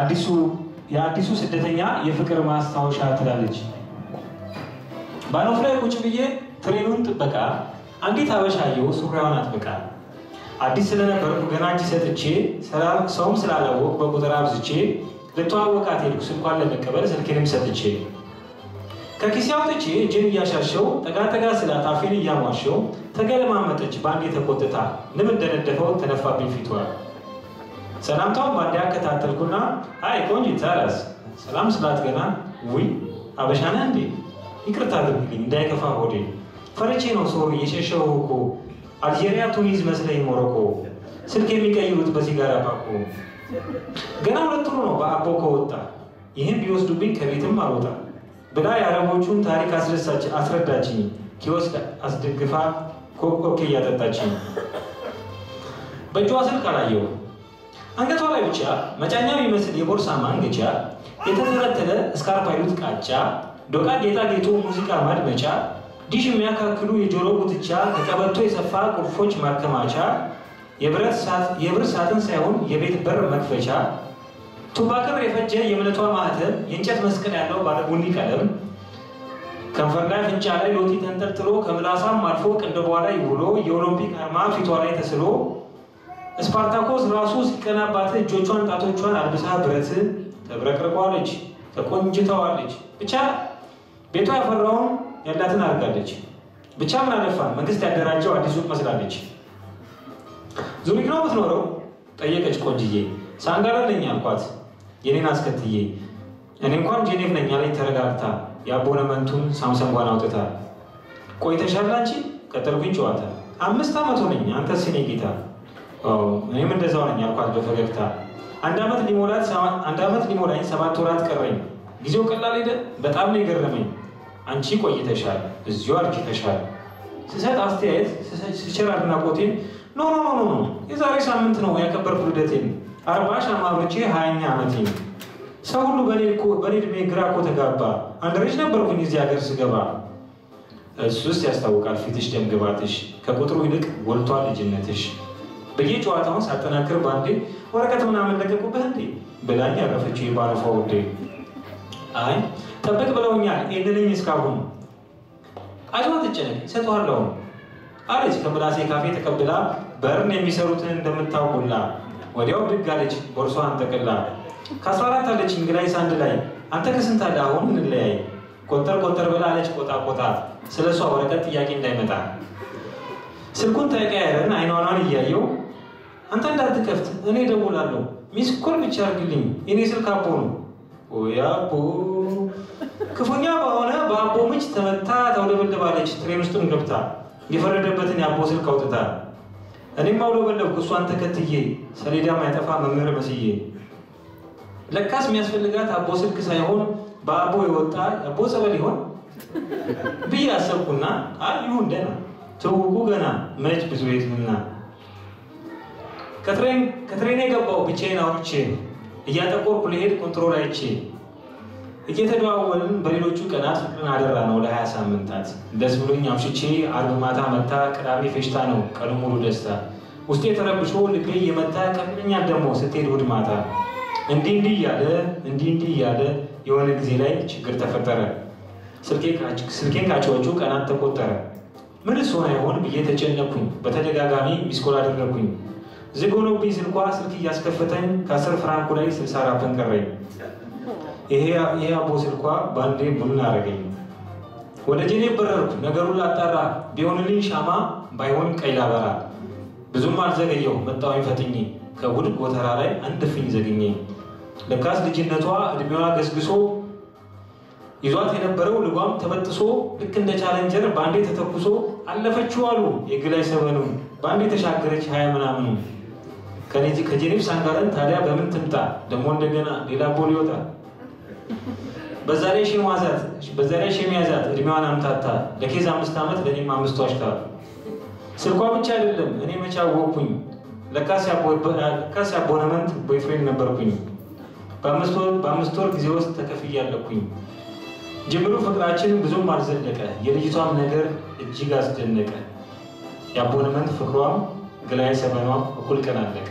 አዲሱ የአዲሱ ስደተኛ የፍቅር ማስታወሻ ትላለች። ባኖፍ ላይ ቁጭ ብዬ ትሬኑን ጥበቃ አንዲት አበሻየው ሱሪያውን አጥብቃ አዲስ ስለነበርኩ ገና እጅ ሰጥቼ ሰውም ስላላወቅ በቁጥር አብዝቼ ልተዋወቃት ሄድኩ ስልኳን ለመቀበል ስልኬንም ሰጥቼ ከኪሴ አውጥቼ እጄን እያሻሸው ጠጋጠጋ ስላት አፌን እያሟሸው ተገለማመጠች በአንድ የተቆጥታ ንብ እንደነደፈው ተነፋብኝ ፊቷል። ሰላምታውን በአንዲያ ከታተልኩና አይ ቆንጂት ታዲያስ ሰላም ስላት ገና ውይ አበሻ ነህ እንዴ? ይቅርታ አድርግልኝ እንዳይከፋ ሆዴ ፈረቼ ነው ሶሪ የሸሸው እኮ አልጄሪያ ቱኒዝ መስለኝ ሞሮኮ ስልክ የሚቀይሩት በሲጋራ ፓኮ ገና ሁለት ጥሩ ነው በአቦ ከወጣ ይህም ቢወስዱብኝ ከቤትም አልወጣ ብላ የአረቦቹን ታሪክ አስደሳች አስረዳችኝ ኪወስድ አስደግፋ ኮኮኬ እያጠጣችኝ በእጇ ስልክ አላየው አንገቷ ላይ ብቻ መጫኛ የሚመስል የቦርሳ ማንገቻ፣ የተተረተረ እስካርፓይሉት ቃጫ፣ ዶቃ ጌጣጌጡ፣ ሙዚቃ ማድመጫ፣ ዲሽ የሚያካክሉ የጆሮ ጉትቻ፣ ከቀበቶ የሰፋ ቁልፎች ማከማቻ፣ የብር ሳጥን ሳይሆን የቤት በር መክፈቻ፣ ቱባ የፈጀ የእምነቷ ማህተም፣ የእንጨት መስቀል ያለው ባለቡኒ ቀለም ከንፈር ላይ ፍንጫ ላይ ሎቲ ተንጠልጥሎ ከምላሳም አልፎ ቅንድቧ ላይ ውሎ የኦሎምፒክ አርማ ፊቷ ላይ ተስሎ ስፓርታኮስ ራሱ ሲቀናባት እጆቿን ጣቶቿን አልብሳ ብረት ተብረቅርቋለች፣ ተቆንጅተዋለች። ብቻ ቤቷ ያፈራውን ያላትን አድርጋለች። ብቻ ምን አለፋ መንግስት ያደራጀው አዲሱ መስላለች። ዙሪክ ነው የምትኖረው? ጠየቀች ቆንጅዬ። ሳንጋረለኝ አልኳት የኔን አስከትዬ። እኔ እንኳን ጄኔቭ ነኝ አለኝ ተረጋግታ። የአቦነመንቱን ሳምሰንጓን አውጥታ ቆይተሻል ቀጠልኩኝ ጨዋታ። አምስት ዓመት ሆነኝ አንተ ሲኔ ጌታ እኔም እንደዛው ነኝ አልኳት በፈገግታ። አንድ ዓመት ሊሞላት አንድ ዓመት ሊሞላኝ ሰባት ወራት ቀረኝ። ጊዜው ቀላል ሄደ። በጣም ነው የገረመኝ። አንቺ ቆይተሻል፣ እዚሁ አርጅተሻል። ስሰጥ አስተያየት ስቸር አድናቆቴን ኖ ኖ ኖ ኖ የዛሬ ሳምንት ነው ያከበርኩ ልደቴን፣ አርባ ሻማ አብርቼ ሀያኛ ዓመቴ። ሰው ሁሉ በኔ እድሜ ግራ እኮ ተጋባ። አንደረጅ ነበርኩኝ እዚህ ሀገር ስገባ። እሱስ ያስታውቃል ፊትሽ፣ ደምግባትሽ ከቁጥሩ ይልቅ ወልቷል ልጅነትሽ። በየጨዋታውን ሳጠናክር ባንዴ ወረቀት ምናምን ለቀቁብህ እንዴ ብላኝ ያረፈችው ባለፈው ውዴ። አይ ጠብቅ ብለውኛል። ይህንንኝ እስካሁን አድዋ ትጨነቅ ሰጥኋለሁ አለች ከምላሴ ካፌ ተቀብላ በርን የሚሰሩትን እንደምታውቁላ ወዲያው ብድግ አለች ቦርሷን ጠቅላ ከአስራ አራት አለች እንግላይስ ሳንድ ላይ አንተ ከስንት አለ አሁን እንለያይ ቆጠር ቆጠር ብላ አለች ቆጣ ቆጣ ስለሷ ወረቀት ጥያቄ እንዳይመጣ ስልኩን ተቀያየረን አይኗኗን እያየው አንተ እንዳትከፍት እኔ እደውላለሁ ሚስ ኮል ብቻ አድርግልኝ የኔ ስልክ አቦ ነው ያቦ ክፉኛ በሆነ በአቦ ምች ተመታ ተውለበልባለች ትሬን ውስጥም ገብታ የፈረደበትን የአቦ ስልክ አውጥታ እኔም አውለበለብኩ እሷን ተከትዬ ሰሌዳ ማያጠፋ መምህር መስዬ ለካስ የሚያስፈልጋት አቦ ስልክ ሳይሆን በአቦ የወጣ አቦ ጸበል ይሆን ብዬ አሰብኩና አይ ደህና ትውቁ ገና መች ብዙ የዝምና ከትሬን የገባው ብቻዬን አውርቼ እያጠቆርኩ ልሄድ ኮንትሮል አይቼ እየተደዋወልን በሌሎቹ ቀናት ፍቅርን አደራ ነው ለሀያ ሳምንታት ደስ ብሎኝ አምሽቼ አርብ ማታ መታ ቅዳሜ ፌሽታ ነው ቀኑ ሙሉ ደስታ ውስጤ ተረብሾ ልቤ የመታ ቀምኛል ደግሞ ስትሄድ ውድ ማታ እንዲህ እንዲህ እያለ እንዲህ እንዲህ እያለ የሆነ ጊዜ ላይ ችግር ተፈጠረ። ስልኬን ካቸዎቹ ቀናት ተቆጠረ። ምንስ ሆነ ይሆን ብዬ ተጨነኩኝ። በተደጋጋሚ ሚስኮል አደረግኩኝ። ዝግ ሆኖብኝ ስልኳ ስልክ እያስከፈተኝ ከአስር ፍራንኩ ላይ ስልሳ አራትን ቀረኝ። ይሄ አቦ ስልኳ ባንዴ ቡና አረገኝ። ወደ ጄኔቭ በረርኩ። ነገሩን ላጣራ፣ ቢሆንልኝ ሻማ ባይሆን ቀይ ላበራ። ብዙም አልዘገየው መጣሁኝ ፈጥኜ ከጉድ ጎተራ ላይ አንድ ፍኝ ዘግኜ ለካስ ልጅነቷ እድሜዋ ገስግሶ ይዟት የነበረው ልጓም ተበጥሶ ልክ እንደ ቻለንጀር በአንዴ ተተኩሶ አለፈችው አሉ የግላይ ሰበኑ በአንዴ ተሻገረች ሀያ ምናምኑ ከጄኔቭ ሳንጋረን ታዲያ በምን ትምጣ ደግሞ እንደገና ሌላ ቦል ይወጣል በዛ ላይ ሺህ በዛ ላይ ሺህ እድሜዋን አምታታ ለኬዝ አምስት ዓመት ለእኔም አምስቱ አሽታሉ ስልኳ ብቻ አይደለም እኔ መቼ አወቅኩኝ ለካስ ሲያቦነመንት ቦይፍሬንድ ነበርኩኝ በአምስት ወር ጊዜ ውስጥ ተከፍያለኩኝ ጅምሩ ፍቅራችን ብዙም አልዘለቀ፣ የልጅቷም ነገር እጅግ አስደነቀ። የአቦነመንት ፍቅሯም ግላይ ሰበኗም እኩል ቀን አለቀ።